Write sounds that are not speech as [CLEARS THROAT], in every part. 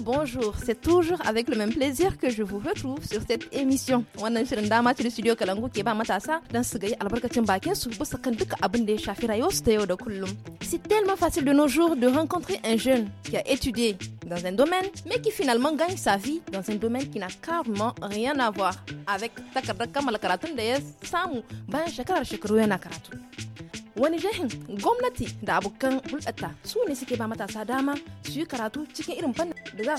bonjour. C'est toujours avec le même plaisir que je vous retrouve sur cette émission. studio Kalangu matasa C'est tellement facile de nos jours de rencontrer un jeune qui a étudié dans un domaine, mais qui finalement gagne sa vie dans un domaine qui n'a carrément rien à voir avec wani da dama da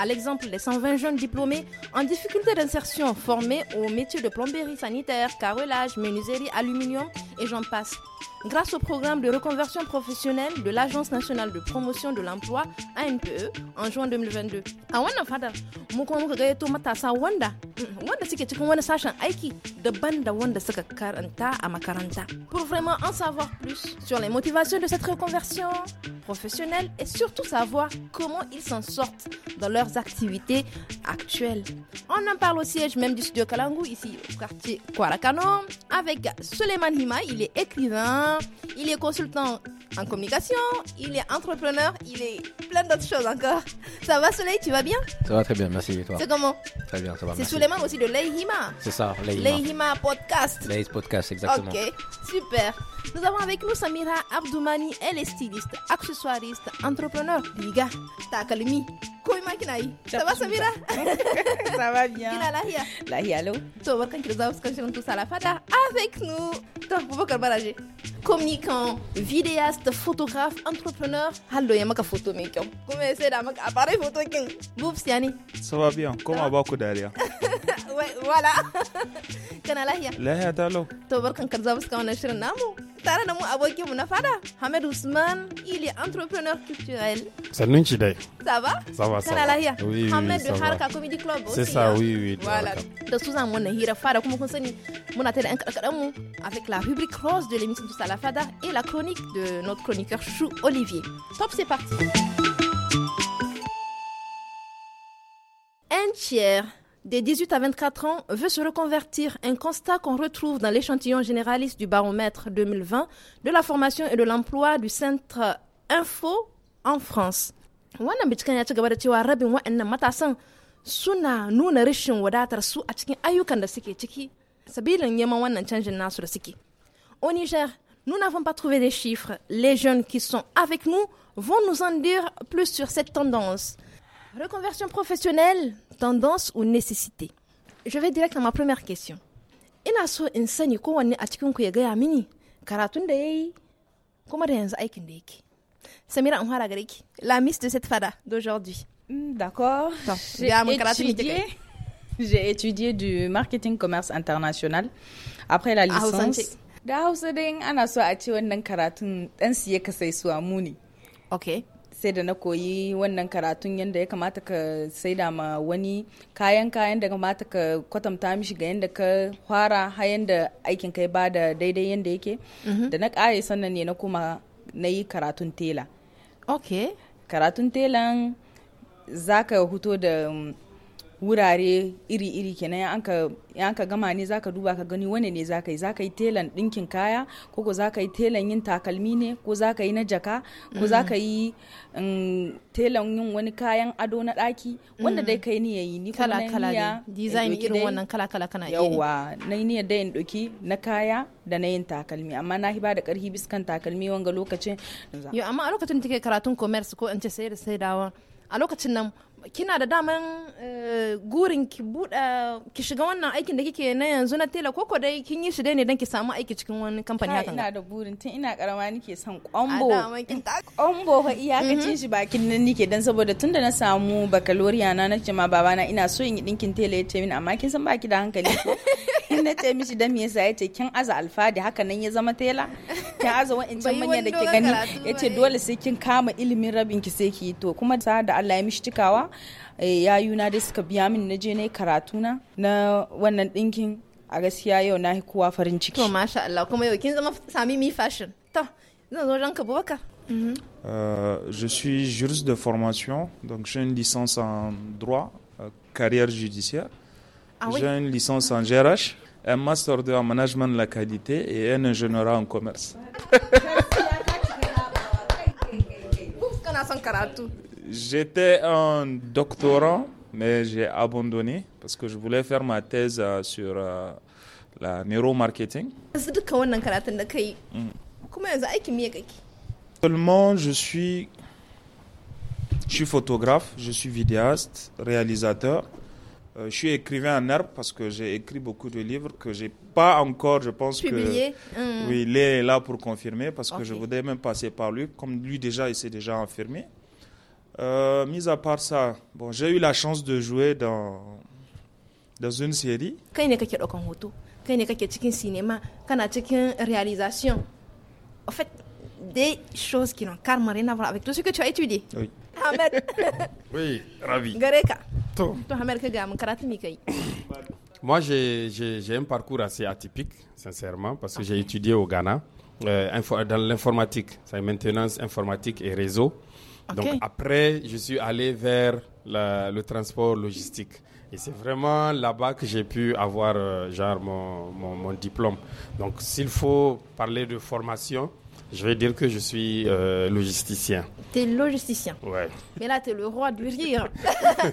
à l'exemple des 120 jeunes diplômés en difficulté d'insertion formés au métier de plomberie sanitaire carrelage menuiserie aluminium et j'en passe Grâce au programme de reconversion professionnelle de l'Agence nationale de promotion de l'emploi, ANPE, en juin 2022. Mm, Pour vraiment en savoir plus sur les motivations de cette reconversion professionnelle et surtout savoir comment ils s'en sortent dans leurs activités actuelles. On en parle au siège même du studio Kalangu ici au quartier Kwarakano avec Suleiman Hima, il est écrivain Hein, il est consultant en communication, il est entrepreneur, il est plein d'autres choses encore. Ça va Soleil, tu vas bien Ça va très bien, merci. Et toi C'est comment Très bien, ça va. C'est mains aussi de Leihima. C'est ça, Leihima. Leihima Podcast. Leihima Podcast, exactement. Ok, super. Nous avons avec nous Samira Abdoumani, elle est styliste, accessoiriste, entrepreneur. Diga, kinaï. Ça va Samira [LAUGHS] Ça va bien. Kina lahiya. Lahiya allo. To barkan ki da zawo kan tous à la fada avec nous. ton pauvre Barajé. Communicant, vidéaste, photographe, entrepreneur. Hallo, il y a Comment photo, ce que c'est la appareil photo qui vous psyani? Ça va bien, comment va beaucoup derrière? Oui, voilà. Qu'en a la tu La hia, t'as l'eau. T'as vu qu'on a un nom? tare da mu abokin mu na fada Ahmed Usman il est entrepreneur culturel sannun ci dai ça va ça va ça lahiya oui, Hamad oui, harka comedy club c'est ça hein. oui oui voilà da su zamu wannan hira fada kuma kun sani muna ta da yan kadan mu avec la rubrique rose de l'émission de Salafada fada et la chronique de notre chroniqueur Chou Olivier top c'est parti un tiers des 18 à 24 ans veut se reconvertir, un constat qu'on retrouve dans l'échantillon généraliste du baromètre 2020 de la formation et de l'emploi du centre Info en France. Au Niger, nous n'avons pas trouvé des chiffres. Les jeunes qui sont avec nous vont nous en dire plus sur cette tendance. Reconversion professionnelle, tendance ou nécessité je vais direct à ma première question ina so in sani kowanne a cikin ku ya gaya mini karatun da yayi kuma da yanzu aikin da yake Samira Amhara Greki, la miss de cette fada d'aujourd'hui. Hmm, d'accord. J'ai étudié, [LAUGHS] étudié du marketing commerce international après la ah, licence. Da Hausa dai ana so a ce wannan karatun dan siye ka sai muni. Okay. sai da na koyi wannan karatun yadda ya kamata ka saida ma wani kayan kayan da kamata ka kwatanta mishi ga yadda ka fara har yadda aikin kai ba da daidai yadda yake mm-hmm. da na ƙare sannan ne na kuma na yi karatun tela ok karatun telan za ka huto da mm, wurare iri-iri kenan yan ka gama ne zaka duba ka gani wane ne zaka yi zaka yi telan dinkin kaya ko ko zaka yi telan yin takalmi ne ko zaka yi na jaka ko zaka yi mm, telan yin wani kayan ado na daki wanda dai kai ni yayi ni kala kala ne design irin wannan kala kala kana yi yawa na yi niyyar in doki na kaya da na yin takalmi amma na hiba da karhi biskan takalmi wanga lokacin yo amma a lokacin da take karatun commerce ko in ce sayar da saidawa a lokacin nan kina da daman eh, gurin ki buɗa ki shiga wannan aikin da kike na yanzu na tela koko dai kin yi shi dai ne don ki samu aiki cikin wani kamfani haka ina da burin tun ina karama nike son kwambo kwambo fa iyakacin shi bakin nan nike dan saboda tun da na samu bakaloriya na na ce ma babana ina so in yi dinkin tela ya ce min amma kin san baki da hankali ko [LAUGHS] in na ce mishi dan me yasa ya ce kin aza alfadi haka nan ya zama tela ki aza wa'ancan manyan da ke gani ya ce dole sai kin kama ilimin rabin ki sai ki yi to kuma ta da Allah ya mishi cikawa eh, yayuna dai suka biya min na je na karatu na na wannan dinkin a gaskiya yau na kowa farin ciki. To masha Allah kuma yau kin zama sami mi fashion. To zan zo ranka baka. Mhm. Euh, je suis juriste de formation, donc j'ai une licence en droit, euh, carrière judiciaire. Ah j'ai une licence en GRH un master en management de la qualité et un ingénieur en commerce. J'étais un doctorant, mais j'ai abandonné parce que je voulais faire ma thèse euh, sur euh, la neuromarketing. Seulement, mm. je suis, je suis photographe, je suis vidéaste, réalisateur. Euh, je suis écrivain en herbe parce que j'ai écrit beaucoup de livres que j'ai pas encore, je pense que hum. oui, il est là pour confirmer parce que je voudrais même passer par lui, comme lui déjà il s'est déjà enfermé. Euh, mis à part ça, bon, j'ai eu la chance de jouer dans dans une série. Quand il a au photo, quand il quelqu'un en cinéma, quand il a en réalisation, en fait, des choses qui n'ont carrément rien à voir avec tout ce que tu as étudié. Oui. Ahmed. [LAUGHS] Oui, ravi. Gareka. To. [COUGHS] Moi, j'ai un parcours assez atypique, sincèrement, parce que j'ai étudié au Ghana euh, dans l'informatique, c'est maintenance informatique et réseau. Donc après, je suis allé vers le transport logistique. Et c'est vraiment là-bas que j'ai pu avoir euh, genre mon, mon, diplôme. Donc s'il faut parler de formation, je vais dire que je suis euh, logisticien. es logisticien. Ouais. Mais là, tu es le roi du rire.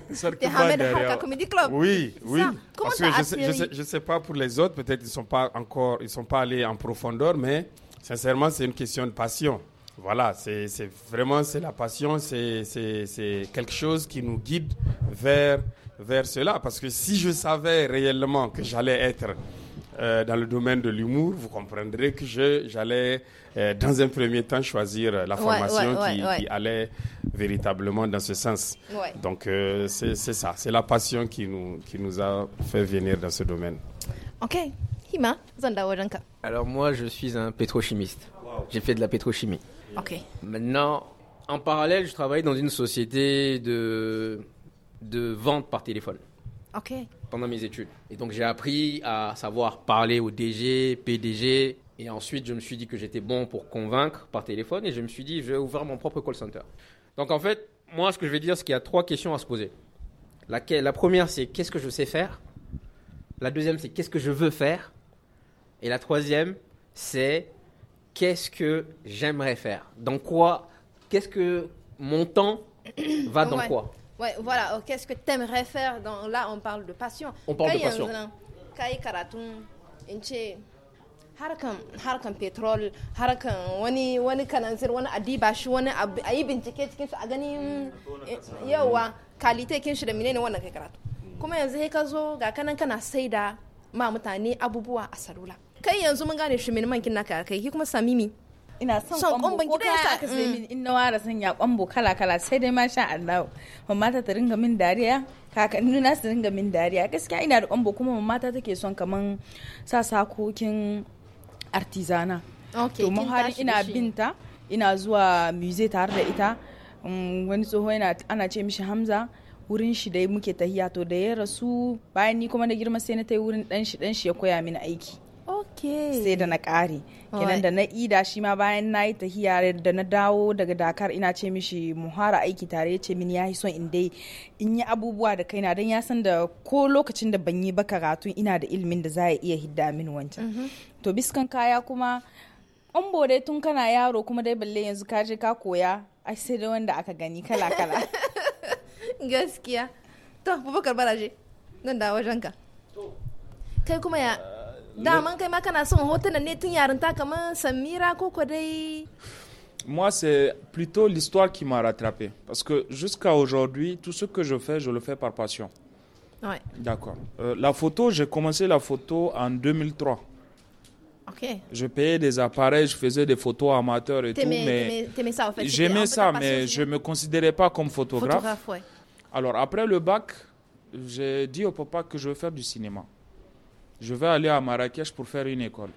es Ahmed Harka Comedy Club. Oui, oui. Comment Parce que je sais, je sais, je sais pas pour les autres, peut-être ils sont pas encore, ils sont pas allés en profondeur, mais sincèrement, c'est une question de passion. Voilà, c'est vraiment c'est la passion, c'est quelque chose qui nous guide vers vers cela. Parce que si je savais réellement que j'allais être euh, dans le domaine de l'humour, vous comprendrez que j'allais, euh, dans un premier temps, choisir euh, la formation qui, allait véritablement dans ce sens. Donc, c'est ça, c'est la passion qui nous, qui nous a fait venir dans ce domaine. Ok. Hima, Alors, moi, je suis un pétrochimiste. J'ai fait de la pétrochimie. Ok. Maintenant, en parallèle, je travaille dans une société de, de vente par téléphone. Ok pendant mes études. Et donc j'ai appris à savoir parler au DG, PDG. Et ensuite, je me suis dit que j'étais bon pour convaincre par téléphone. Et je me suis dit, je vais ouvrir mon propre call center. Donc en fait, moi, ce que je vais dire, c'est qu'il y a trois questions à se poser. La, première, c'est qu'est-ce que je sais faire La deuxième, c'est qu'est-ce que je veux faire Et la troisième, c'est qu'est-ce que j'aimerais faire Dans quoi Qu'est-ce que mon temps va dans quoi Ouais, voilà, oh, qu'est-ce que tu aimerais faire dans... Là, on parle de passion. On parle de passion. Kai karatun, inche harakam, passion, petrol, parle wani wani kananzir, wani adiba wani a bincike cikin su a gani mm, eh, yawa kalite shi da wannan mm. yanzu sai kana saida ma mutane abubuwa a Kai yanzu mun gane shi samimi. ina son kwambo ko yasa ka sai min in na wara ya kwambo kala kala sai dai ma sha Allah mamma ta ringa min dariya kakanni na su ringa min dariya gaskiya ina da kwambo kuma mamma ta take son kaman sa sakokin artizana domin har ina binta ina zuwa muse tare da ita mm, wani tsoho ana ce mishi hamza wurin shi dai muke tahiya to da ya rasu bayan ni kuma na girma sai na ta yi wurin dan shi dan shi ya koya mini aiki sai da na ƙare kenan da na ida shi ma bayan na yi tahiya da na dawo daga dakar ina ce mishi muhara aiki tare ya ce mini ya son in dai in yi abubuwa da kaina don ya san da ko lokacin da ban yi ba karatu ina da ilimin da za ya iya hidda min wancan mm-hmm. to biskan kaya kuma an bore tun kana yaro kuma dai balle yanzu ka je ka koya ai sai da wanda aka gani kala kala [LAUGHS] gaskiya to baraje nan da wajenka kai kuma ya uh, moi, c'est plutôt l'histoire qui m'a rattrapé. Parce que jusqu'à aujourd'hui, tout ce que je fais, je le fais par passion. Ouais. D'accord. Euh, la photo, j'ai commencé la photo en 2003. Ok. Je payais des appareils, je faisais des photos amateurs et tout. Mais ça, en fait. J'aimais ça, mais je ne me considérais pas comme photographe. Photographe, Alors, après le bac, j'ai dit au papa que je veux faire du cinéma je vais aller à Marrakech pour faire une école.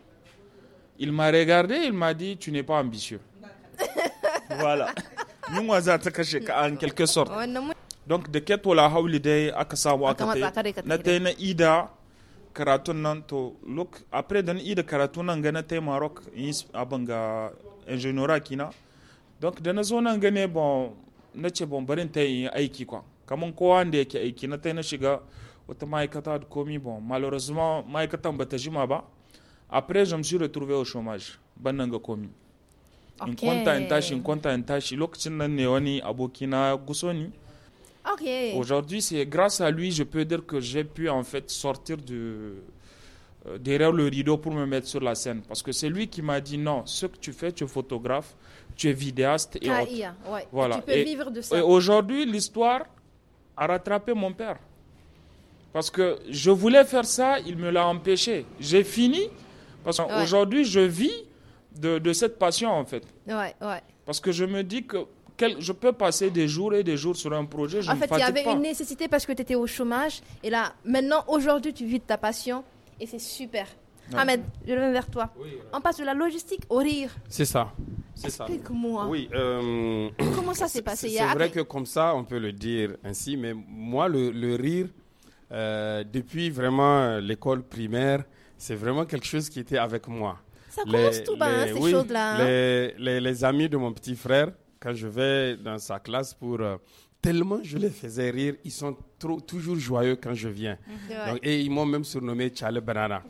Il m'a regardé, il m'a dit, tu n'es pas ambitieux. [LAUGHS] voilà. en quelque sorte. Donc, de keto la holiday akasawa akate, na ida karatun nan to look après d'un ida karatun nan gana te Maroc abanga ah, ingénieur kina. Donc, da na zo nan bon, na ce bon barin ta aiki aiki kwa. Kaman kowa da yake aiki na ta na shiga bon malheureusement après je me suis retrouvé au chômage Bananga aujourd'hui c'est grâce à lui je peux dire que j'ai pu en fait sortir de euh, derrière le rideau pour me mettre sur la scène parce que c'est lui qui m'a dit non ce que tu fais tu es photographe tu es vidéaste et, Voilà. tu peux vivre de ça aujourd'hui l'histoire a rattrapé mon père parce que je voulais faire ça, il me l'a empêché. J'ai fini, parce qu'aujourd'hui, je vis de, cette passion, en fait. Ouais, ouais. Parce que je me dis que je peux passer des jours et des jours sur un projet. Je en fait, il y avait une nécessité parce que tu étais au chômage. Et là, maintenant, aujourd'hui, tu vis de ta passion. Et c'est super. Ahmed, je reviens vers toi. Euh. On passe de la logistique au rire. C'est ça. Explique-moi. Oui. Euh, Comment ça s'est passé C'est vrai que comme ça, on peut le dire ainsi, mais moi, le rire, euh, depuis vraiment euh, l'école primaire, c'est vraiment quelque chose qui était avec moi. Ça commence tout bas, hein, ces choses-là. Hein. Les, les, amis de mon petit frère, quand je vais dans sa classe pour euh, tellement je les faisais rire, ils sont trop, toujours joyeux quand je viens. Mhm. et ils m'ont même surnommé Charlie Banana.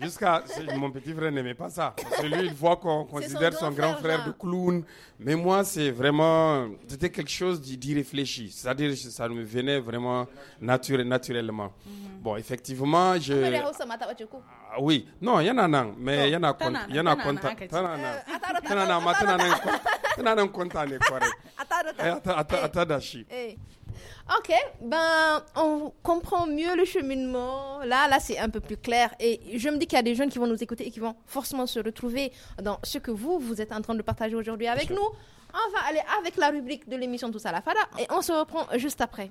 Jusqu'à, oui, mon petit frère n'aimait pas ça. Parce lui, il voit qu'on considère son, grand frère, de clown. Mais moi, c'est vraiment, c'était quelque chose d'y réfléchi. C'est-à-dire, ça me venait vraiment nature naturellement. Mhm. Bon, effectivement, je. Ah oui, non, il y en a, mais il y en a, il y en a, on Ok, ben on comprend mieux le cheminement. Là, là, c'est un peu plus clair. Et je me dis qu'il y a des jeunes qui vont nous écouter et qui vont forcément se retrouver dans ce que vous, vous êtes en train de partager aujourd'hui avec nous. On va aller avec la rubrique de l'émission Tous à la Fada et on se reprend juste après.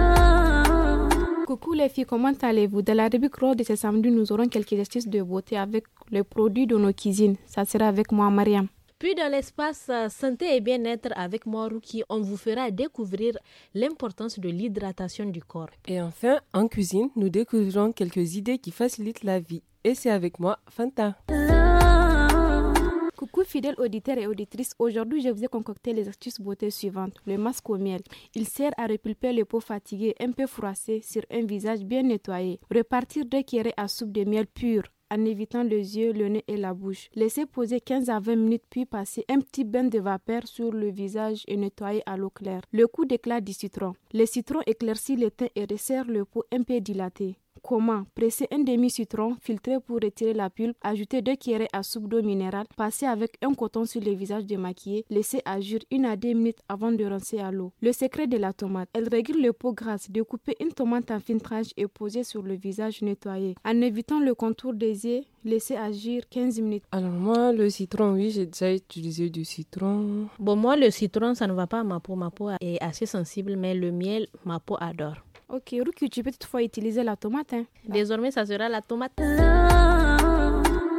Coucou les filles, comment allez-vous Dans la rubrique Rose de ce samedi, nous aurons quelques astuces de beauté avec les produits de nos cuisines. Ça sera avec moi, Mariam. Puis dans l'espace euh, santé et bien-être avec moi, Ruki, on vous fera découvrir l'importance de l'hydratation du corps. Et enfin, en cuisine, nous découvrirons quelques idées qui facilitent la vie. Et c'est avec moi, Fanta. Coucou fidèles auditeurs et auditrices, aujourd'hui je vous ai concocté les astuces beauté suivantes. Le masque au miel, il sert à repulper les peaux fatiguées un peu froissées sur un visage bien nettoyé. Repartir deux cuillerées à soupe de miel pur en évitant les yeux, le nez et la bouche. Laissez poser 15 à 20 minutes puis passer un petit bain de vapeur sur le visage et nettoyer à l'eau claire. Le coup d'éclat du citron. Le citron éclaircit le teint et resserre le peau un peu dilatée. Comment Presser un demi-citron, filtrer pour retirer la pulpe, ajouter deux cuillerées à soupe d'eau minérale, passer avec un coton sur le visage démaquillé, laisser agir une à deux minutes avant de rincer à l'eau. Le secret de la tomate. Elle régule le pot grasse, découper une tomate en fines tranches et poser sur le visage nettoyé. En évitant le contour des yeux, laisser agir 15 minutes. Alors moi, le citron, oui, j'ai déjà utilisé du citron. Bon, moi, le citron, ça ne va pas à ma peau. Ma peau est assez sensible, mais le miel, ma peau adore. Ok, Ruki, tu peux toutefois utiliser la tomate. Hein. Désormais, ça sera la tomate.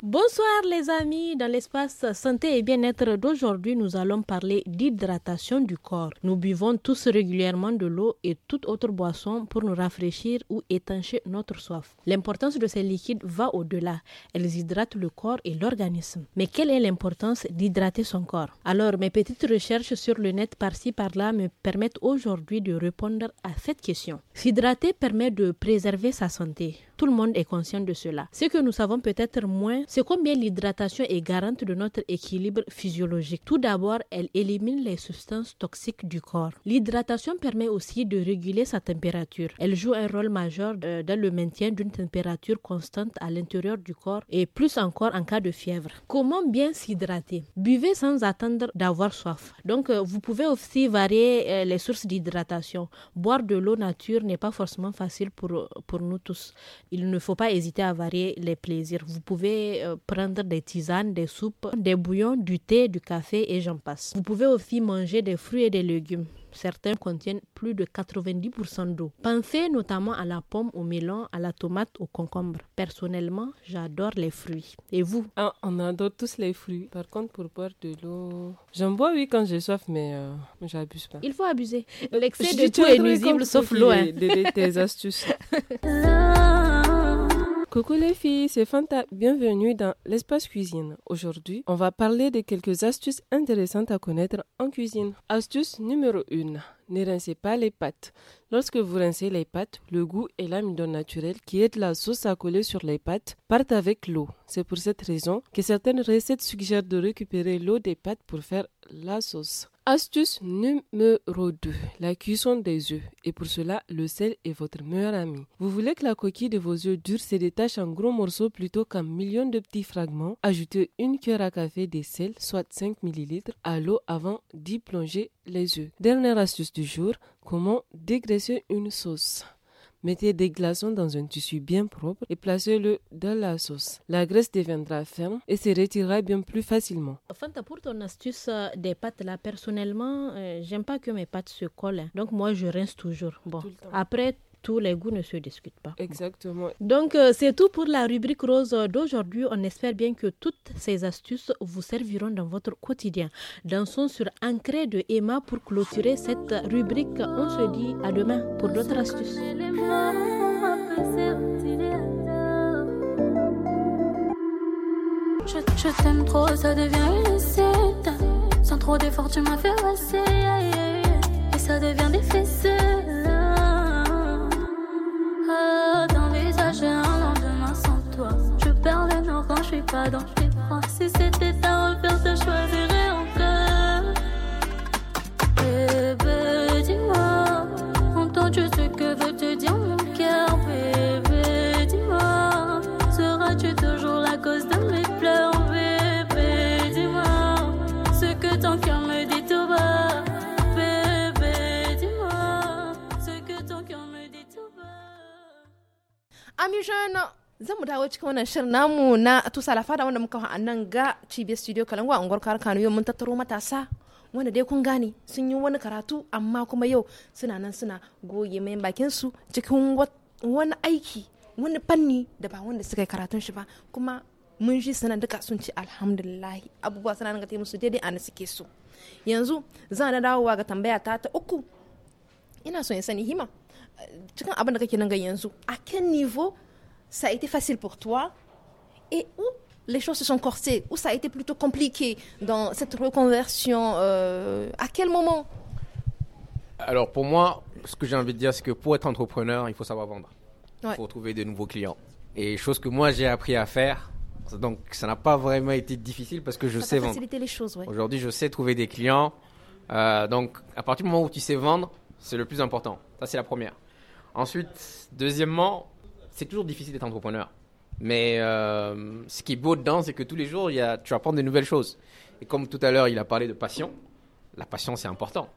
Bonsoir les amis, dans l'espace santé et bien-être d'aujourd'hui, nous allons parler d'hydratation du corps. Nous buvons tous régulièrement de l'eau et toute autre boisson pour nous rafraîchir ou étancher notre soif. L'importance de ces liquides va au-delà. Elles hydratent le corps et l'organisme. Mais quelle est l'importance d'hydrater son corps Alors, mes petites recherches sur le net par-ci par-là me permettent aujourd'hui de répondre à cette question. S'hydrater permet de préserver sa santé tout le monde est conscient de cela. Ce que nous savons peut-être moins, c'est combien l'hydratation est garante de notre équilibre physiologique. Tout d'abord, elle élimine les substances toxiques du corps. L'hydratation permet aussi de réguler sa température. Elle joue un rôle majeur euh, dans le maintien d'une température constante à l'intérieur du corps et plus encore en cas de fièvre. Comment bien s'hydrater Buvez sans attendre d'avoir soif. Donc, euh, vous pouvez aussi varier euh, les sources d'hydratation. Boire de l'eau nature n'est pas forcément facile pour, pour nous tous il ne faut pas hésiter à varier les plaisirs. Vous pouvez euh, prendre des tisanes, des soupes, des bouillons, du thé, du café et j'en passe. Vous pouvez aussi manger des fruits et des légumes. Certains contiennent plus de 90% d'eau. Pensez notamment à la pomme, au melon, à la tomate, au concombre. Personnellement, j'adore les fruits. Et vous ah, On adore tous les fruits. Par contre, pour boire de l'eau, j'en bois oui quand j'ai soif, mais euh, j'abuse pas. Il faut abuser. Euh, L'excès de tout est nuisible sauf l'eau. Hein. Des, des, des astuces. [LAUGHS] Coucou les filles, c'est Fanta. Bienvenue dans l'espace cuisine. Aujourd'hui, on va parler de quelques astuces intéressantes à connaître en cuisine. Astuce numéro 1. Ne rincez pas les pâtes. Lorsque vous rincez les pâtes, le goût et l'amidon naturel qui aide la sauce à coller sur les pâtes partent avec l'eau. C'est pour cette raison que certaines recettes suggèrent de récupérer l'eau des pâtes pour faire la sauce. Astuce numéro 2, la cuisson des œufs. Et pour cela, le sel est votre meilleur ami. Vous voulez que la coquille de vos œufs durs se détache en gros morceaux plutôt qu'en millions de petits fragments. Ajoutez une cuillère à café de sel, soit 5 ml, à l'eau avant d'y plonger les œufs. Dernière astuce du jour, comment dégraisser une sauce. Mettez des glaçons dans un tissu bien propre et placez-le dans la sauce. La graisse deviendra ferme et se retirera bien plus facilement. Fanta, pour ton astuce euh, des pâtes, là, personnellement, euh, j'aime pas que mes pâtes se collent. Donc, moi, je rince toujours. Bon, après tous les goûts ne se discutent pas. Exactement. Donc, euh, c'est tout pour la rubrique rose d'aujourd'hui. On espère bien que toutes ces astuces vous serviront dans votre quotidien. Dansons sur Ancré de Emma pour clôturer cette rubrique. On se dit à demain pour d'autres astuces. Je, ça devient Sans trop Et ça devient t'envisager un lendemain sans toi. Je perds le nord quand je suis pas dans tes bras. Si c'était cikin wannan shirin namu na tusa lafada wanda muka a nan ga cibiyar studio kalangwa unguwar kar kano yau mun tattaro matasa wanda dai kun gane sun yi wani karatu amma kuma yau suna nan suna goge mai bakin su cikin wani aiki wani fanni da ba wanda suka yi karatun shi ba kuma mun ji suna duka sun ce alhamdulillahi abubuwa suna nan ga musu daidai a suke so yanzu zan na dawowa ga tambaya ta ta uku ina so in sani hima cikin abin da kake nan ga yanzu a kan nivo ça a été facile pour toi et où les choses se sont corsées, où ça a été plutôt compliqué dans cette reconversion euh, À quel moment Alors pour moi, ce que j'ai envie de dire, c'est que pour être entrepreneur, il faut savoir vendre. Il faut trouver de nouveaux clients. Et chose que moi j'ai appris à faire, donc ça n'a pas vraiment été difficile parce que je ça sais vendre. les choses, ouais. Aujourd'hui, je sais trouver des clients. Euh, donc à partir du moment où tu sais vendre, c'est le plus important. Ça, c'est la première. Ensuite, deuxièmement, c'est toujours difficile d'être entrepreneur. Mais euh, ce qui est beau dedans, c'est que tous les jours, il y a, tu apprends de nouvelles choses. Et comme tout à l'heure, il a parlé de passion. La passion, c'est important.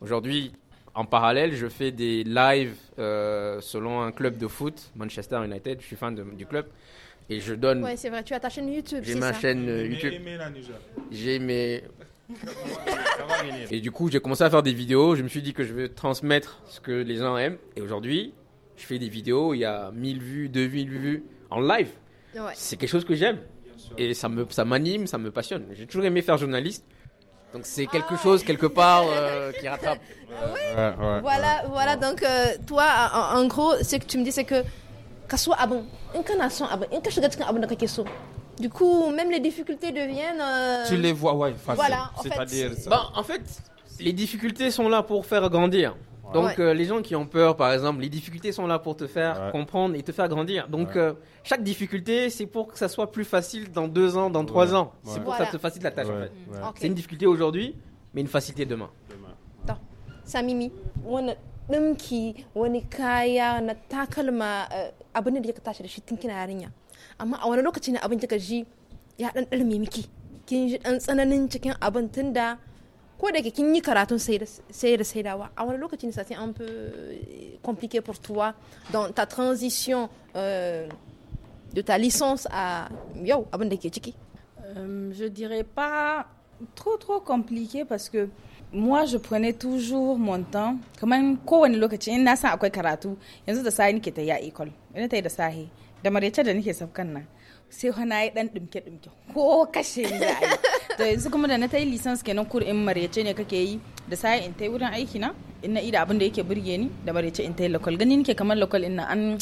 Aujourd'hui, en parallèle, je fais des lives euh, selon un club de foot, Manchester United. Je suis fan du club. Et je donne. Ouais, c'est vrai, tu as ta chaîne YouTube. J'ai ma chaîne euh, YouTube. J'ai mes. [LAUGHS] et du coup, j'ai commencé à faire des vidéos. Je me suis dit que je veux transmettre ce que les gens aiment. Et aujourd'hui, je fais des vidéos, il y a 1000 vues, 2000 vues en live. C'est quelque chose que j'aime. Et ça me, ça m'anime, ça me passionne. J'ai toujours aimé faire journaliste. Donc c'est quelque ah. chose quelque part euh, qui rattrape. Ah voilà, voilà. Donc euh, toi, en, gros, ce que tu me dis, c'est que du coup, même les difficultés deviennent. Euh, tu les vois, ouais. Voilà. En dire bah, en fait, les difficultés sont là pour faire grandir. Ouais. Donc euh, les gens qui ont peur, par exemple, les difficultés sont là pour te faire ouais. comprendre et te faire grandir. Donc euh, chaque difficulté, c'est pour que ça soit plus facile dans deux ans, dans trois ans. C'est pour voilà. que ça te facilite la tâche en fait. Mm. Okay. C'est une difficulté aujourd'hui, mais une facilité demain. demain. Samimi, ɗinki wani kaya na takalma euh, abin da ka tashi da shi tun yarinya amma a wani lokaci ne abin kika ji ya dan dalme miki kin ji dan tsananin cikin abin tunda da ko da kin yi karatun sai da wa a wani lokacin ça c'est un peu euh, compliqué pour toi dans ta transition euh, de ta licence à yo abin da ke ciki euh, je dirais pas trop trop compliqué parce que moi je prenais toujours mon temps ko wani lokaci in na san akwai karatu yanzu da sa ni ta ya école ina tayi yi da sahi da marece da nake sabkan na sai hana yi dan dumke dumke ko kashe ni to yanzu kuma da na ta yi lisans kenan kur in maryace ne kake yi da sai in ta wurin aiki na in na ida abin da yake burge ni da maryace in ta local gani nake kamar local in na an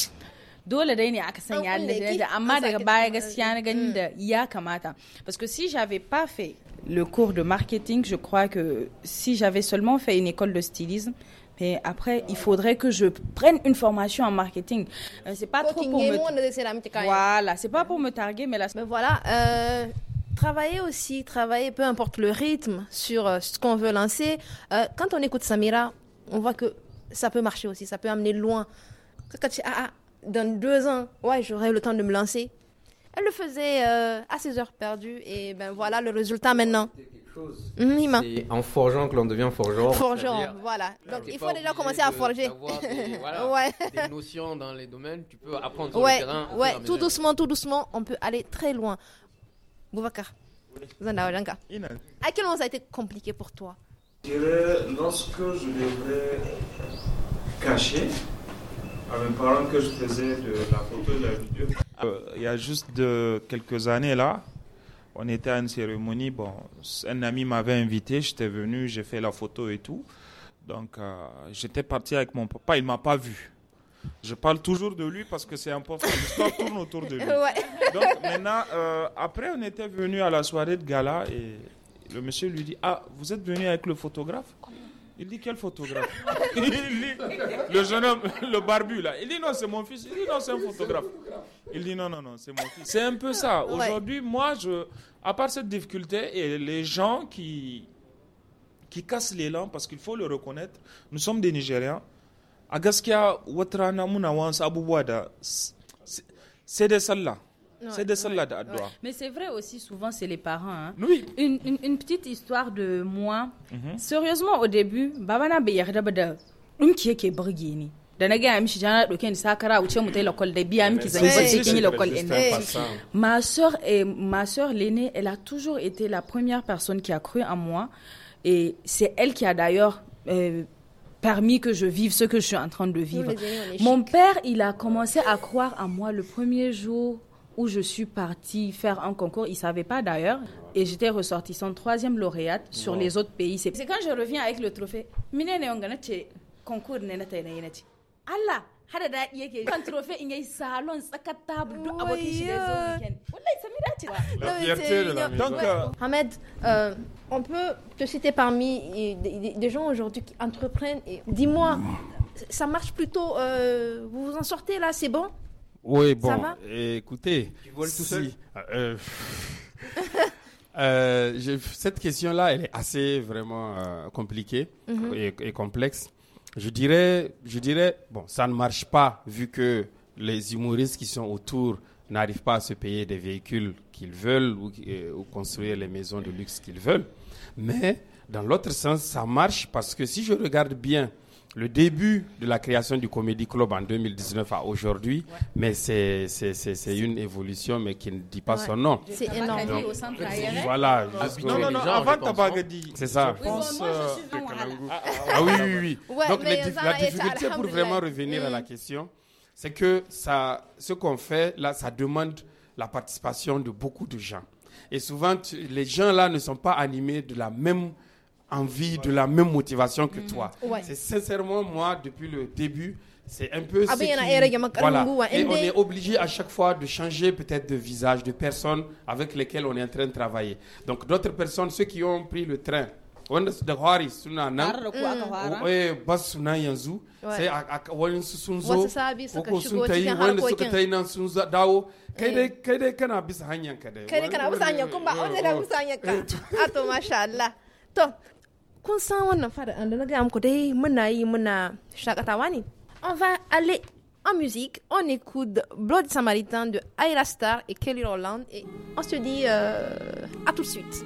dole dai ne aka san ya da amma daga baya gaskiya na gani da ya kamata parce que si j'avais pas fait le cours de marketing je crois que si j'avais seulement fait une école de stylisme et après, il faudrait que je prenne une formation en marketing. Euh, c'est pas trop pour me... Voilà, c'est pas pour me targuer, mais là... Mais voilà, euh, Travailler aussi, travailler, peu importe le rythme, sur euh, ce qu'on veut lancer. Euh, quand on écoute Samira, on voit que ça peut marcher aussi, ça peut amener loin. Quand tu ah, ah, dans deux ans, ouais, j'aurai le temps de me lancer. Elle le faisait euh, à ses heures perdues et ben voilà le résultat maintenant. c'est mm, en forgeant que l'on devient forgeron. Forgeron, voilà. Donc il faut déjà commencer à forger. [LAUGHS] voilà, ouais. des notions dans les domaines, tu peux apprendre sur le terrain. Ouais, tout doucement, tout doucement, on peut aller très loin. Boubacar, à quel moment ça a été compliqué pour toi Je lorsque je devrais cacher à mes que je faisais la photo de la vidéo. Euh, il y a juste de quelques années là, on était à une cérémonie. Bon, un ami m'avait invité, j'étais venu, j'ai fait la photo et tout. Donc euh, j'étais parti avec mon papa, il m'a pas vu. Je parle toujours de lui parce que c'est important. L'histoire tourne autour de lui. [LAUGHS] Donc maintenant, euh, après, on était venu à la soirée de gala et le monsieur lui dit Ah, vous êtes venu avec le photographe il dit quel photographe [LAUGHS] le jeune homme, le barbu là. Il dit non, c'est mon fils. Il dit non, c'est un photographe. Il dit non, non, non, c'est mon fils. C'est un peu ça. Aujourd'hui, moi, je, à part cette difficulté et les gens qui, qui cassent l'élan, parce qu'il faut le reconnaître, nous sommes des Nigériens. Agaskia c'est des salles là c'est de cela ouais, Mais c'est vrai aussi, souvent, c'est les parents. Hein. Oui. Une, une, petite histoire de moi. Mhm. Sérieusement, au début, eh, Ma soeur et ma sœur l'aînée, elle a toujours été la première personne qui a cru en moi et c'est elle qui a d'ailleurs euh, permis que je vive ce que je suis en train de vivre. Mon père, il a commencé à croire en moi le premier jour où je suis partie faire un concours. il ne pas d'ailleurs. Et j'étais son troisième lauréate sur les autres pays. C'est quand je reviens avec le trophée. Allah hada trophée in salon c'est table donc Ahmed euh, on peut te citer parmi euh, des gens aujourd'hui qui entreprennent et dis-moi ça marche plutôt euh, vous vous en sortez là c'est bon oui, bon, écoutez. Cette question-là, elle est assez vraiment euh, compliquée mhm. et, complexe. Je dirais, je dirais, bon, ça ne marche pas vu que les humoristes qui sont autour n'arrivent pas à se payer des véhicules qu'ils veulent ou, euh, construire les maisons de luxe qu'ils veulent. Mais dans l'autre sens, ça marche parce que si je regarde bien le début de la création du Comédie Club en 2019 à aujourd'hui, mais c'est une évolution, mais qui ne dit pas son nom. C'est énorme. Donc, au centre euh, voilà. non, non, non, avant Tabagadi. C'est ça. Je pense, moi, je suis ah, ah, oui, oui, oui. Donc, la difficulté pour vraiment revenir à la mm. question, c'est que ça, ce qu'on fait, là, ça demande la participation de beaucoup de gens. Et souvent, les gens là ne sont pas animés de la même envie, de la même motivation que mm. toi. C'est sincèrement, moi, depuis le début, c'est un peu. on est obligé à chaque fois de changer peut-être de visage, de personnes avec lesquelles on est en train de travailler. Donc, d'autres personnes, ceux qui ont pris le train, on va aller en musique on écoute Blood Samaritan de Aira Star et Kelly Rowland et on se dit euh, à tout de suite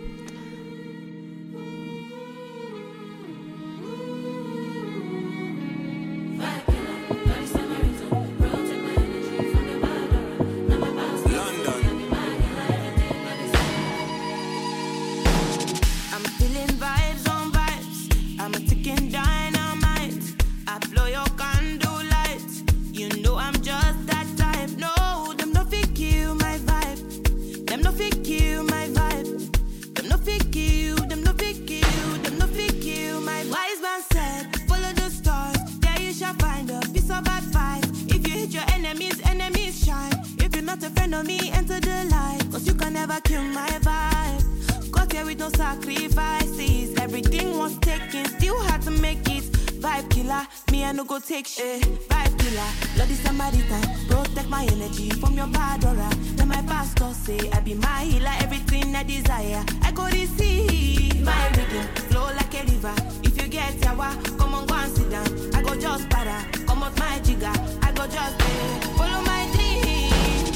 Vibe killer, me I no go take shit. Vibe killer, bloody somebody Samaritan. Protect my energy from your bad aura. Then my pastor say, I be my healer, everything I desire. I go to see my rhythm, flow like a river. If you get yawa, come on, go and sit down. I go just para, come on my jigger. I go just eh, follow my dream.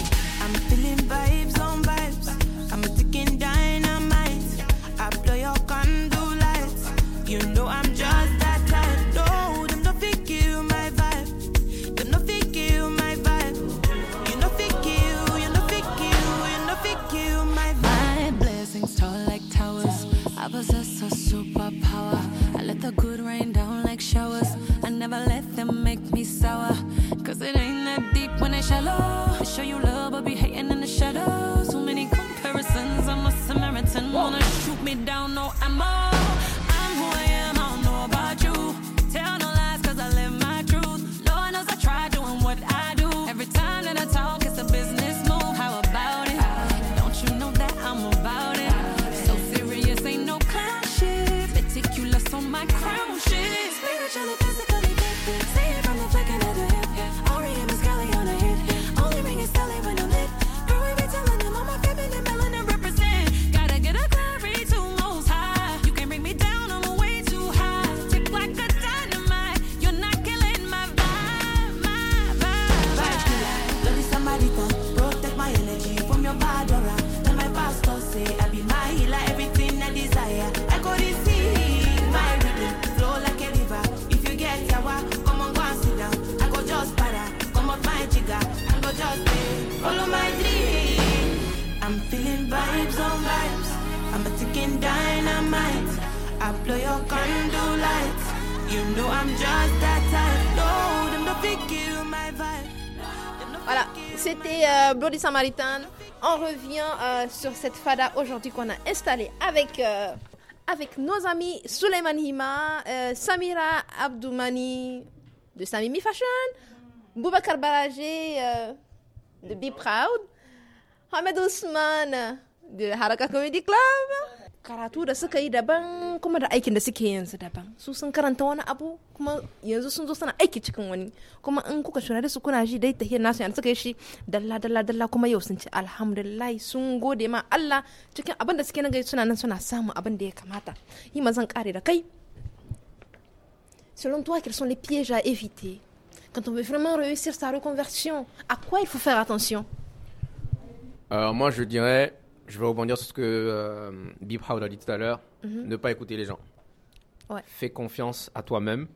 I'm feeling vibes. showers. I never let them make me sour. Cause it ain't that deep when it's shallow. I show you love, but be hating in the shadows. Too many comparisons. I'm a Samaritan. Wanna shoot me down, no ammo. Voilà, c'était euh, Bloody Samaritan. On revient euh, sur cette fada aujourd'hui qu'on a installée avec, euh, avec nos amis Suleiman Hima, Samira Abdoumani de Samimi Fashion, Boubacar Barajé de Be Proud, Hamed Ousmane de Haraka Comedy Club karatu da suka yi daban kuma da aikin da suke yanzu daban su sun karanta wani abu kuma yanzu sun zo suna aiki cikin wani kuma in kuka shirya su kuna ji dai tahiyar nasu yanzu suka yi shi dalla dalla dalla kuma yau sun ci alhamdulillah sun gode ma Allah cikin abin da suke nan suna nan suna samun abin da ya kamata yi ma zan kare da kai selon toi quels sont les pièges à éviter quand on veut vraiment réussir sa reconversion à quoi il faut faire attention alors euh, moi je dirais je vais rebondir sur ce que euh, a dit tout à l'heure. Mhm. Ne pas écouter les gens. Fais confiance à toi-même.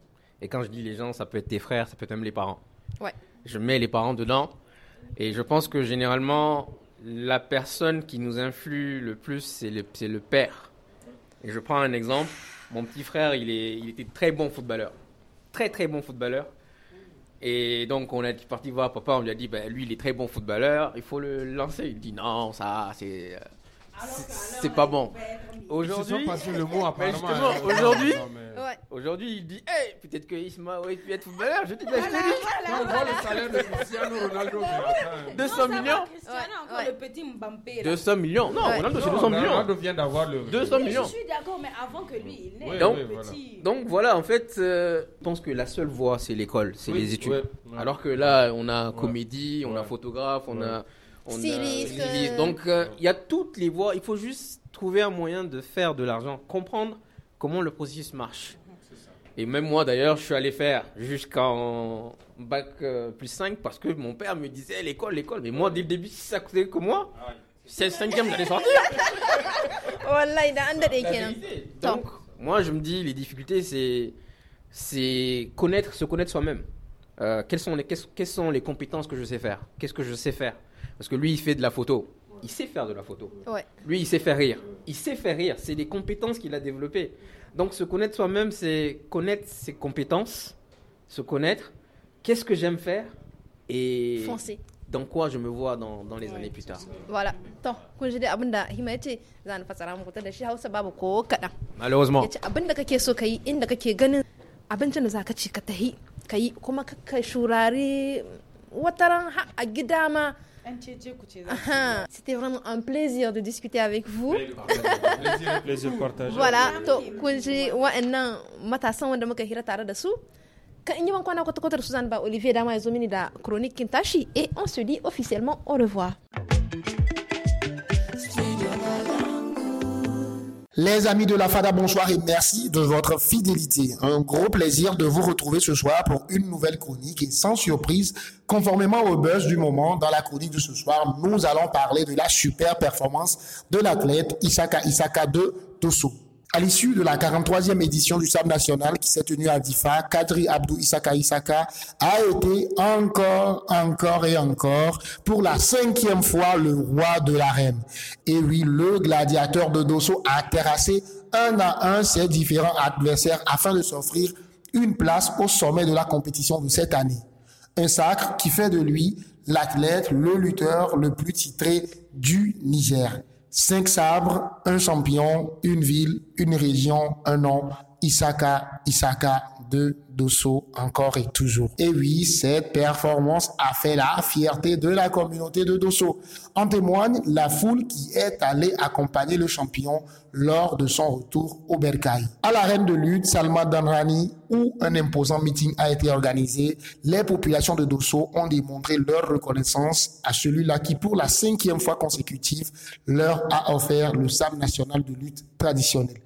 Et quand je dis les gens, ça peut être tes frères, ça peut être même les parents. Ouais. Je mets les parents dedans. Et je pense que généralement, la personne qui nous influe le plus, c'est le, père. Et je prends un exemple. Mon petit frère, il, il était très bon footballeur. Très, très bon footballeur. Et donc, on est parti voir papa, on lui a dit, ben, lui, il est très bon footballeur, il faut le lancer. Il dit, non, ça, c'est. Euh, c'est pas bon. Aujourd'hui. le mot [LAUGHS] aujourd'hui, Aujourd'hui, il dit Hey, peut-être que Isma aurait peut être footballeur, je t'ai voilà, On voit le salaire de Cristiano Ronaldo. 200 millions Cristiano, le petit 200 millions Non, Ronaldo, c'est 200 millions. Ronaldo vient d'avoir le. 200 millions. Je suis d'accord, mais avant que lui, il n'ait donc, petit... donc voilà, en fait, euh, je pense que la seule voie, c'est l'école, c'est les études. Alors que là, on a comédie, on a photographe, on a. On euh. Donc euh, il y a toutes les voies. Il faut juste trouver un moyen de faire de l'argent, comprendre comment le processus marche. Et même moi, d'ailleurs, je suis allé faire jusqu'en bac euh, plus 5 parce que mon père me disait eh, l'école, l'école. Mais moi, dès le début, si ça coûtait que moi, ah c'est le cinquième, j'allais sortir. [LAUGHS] Oh, donc, moi, je me dis, les difficultés, c'est, c'est connaître, se connaître soi-même. Euh, quelles, sont les, sont les compétences que je sais faire Qu'est-ce que je sais faire Parce que lui, il fait de la photo il sait faire de la photo. Lui, il sait faire rire. Il sait faire rire. C'est des compétences qu'il a développées. Donc se connaître soi-même, c'est connaître ses compétences, se connaître, qu'est-ce que j'aime faire et foncer. Dans quoi je me vois dans, dans les années plus tard. Voilà. Malheureusement. abincin da za ka ci ka tahi Kai, kuma ka shurare wataran a gida ma ah, c'était vraiment un plaisir de discuter avec vous. plaisir partagé. [LAUGHS] Voilà, to et on se dit officiellement au revoir. Les amis de la FADA, bonsoir et merci de votre fidélité. Un gros plaisir de vous retrouver ce soir pour une nouvelle chronique et sans surprise, conformément au buzz du moment, dans la chronique de ce soir, nous allons parler de la super performance de l'athlète Isaka Isaka de Tosso. À l'issue de la 43e édition du Sable national qui s'est tenue à Difa, Kadri Abdou Isaka Isaka a été encore, encore et encore, pour la cinquième fois, le roi de l'arène. Et oui, le gladiateur de Dosso a terrassé un à un ses différents adversaires afin de s'offrir une place au sommet de la compétition de cette année. Un sacre qui fait de lui l'athlète, le lutteur le plus titré du Niger cinq sabres, un champion, une ville, une région, un nom, Isaka, Isaka, de Dosso encore et toujours. Et oui, cette performance a fait la fierté de la communauté de Dosso. En témoigne la foule qui est allée accompagner le champion lors de son retour au Bercail. À l'arène de lutte, Salma Danrani, où un imposant meeting a été organisé, les populations de Dosso ont démontré leur reconnaissance à celui-là qui, pour la cinquième fois consécutive, leur a offert le sable national de lutte traditionnel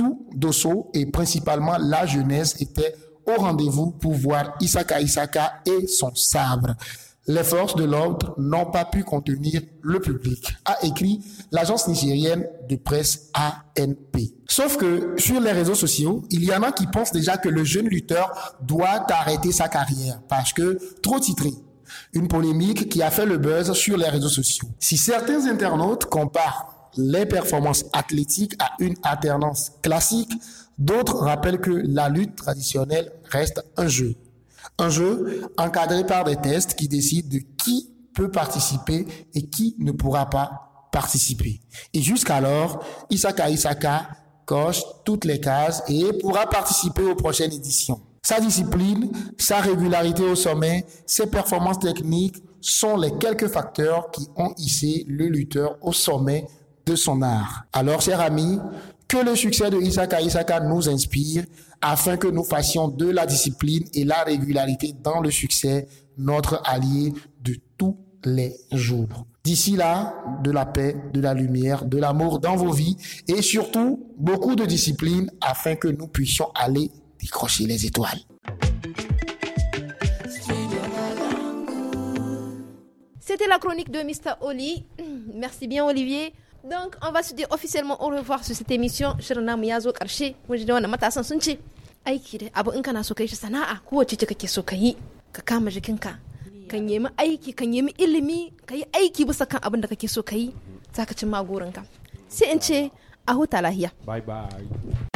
tout Dosso et principalement la jeunesse étaient au rendez-vous pour voir Isaka Isaka et son sabre. Les forces de l'ordre n'ont pas pu contenir le public, a écrit l'agence nigérienne de presse ANP. Sauf que sur les réseaux sociaux, il y en a qui pensent déjà que le jeune lutteur doit arrêter sa carrière parce que trop titré. Une polémique qui a fait le buzz sur les réseaux sociaux. Si certains internautes comparent les performances athlétiques à une alternance classique. D'autres rappellent que la lutte traditionnelle reste un jeu. Un jeu encadré par des tests qui décident de qui peut participer et qui ne pourra pas participer. Et jusqu'alors, Isaka Isaka coche toutes les cases et pourra participer aux prochaines éditions. Sa discipline, sa régularité au sommet, ses performances techniques sont les quelques facteurs qui ont hissé le lutteur au sommet son art. Alors, chers amis, que le succès de Isaka Isaka nous inspire afin que nous fassions de la discipline et la régularité dans le succès notre allié de tous les jours. D'ici là, de la paix, de la lumière, de l'amour dans vos vies et surtout beaucoup de discipline afin que nous puissions aller décrocher les étoiles. C'était la chronique de Mr. Oli. [CLEARS THROAT] Merci bien Olivier. Donc, on va se dire officiellement au revoir sur cette émission. Je suis ya zo wannan matasan sun ce, aiki abu in kana so kai shi sana'a, kowace ce kake so ka ka kama jikinka. kan aiki, kan ilimi, kaye aiki bisa kan abin da kake so kai zaka cin ka Sai in ce, a huta Bye bye.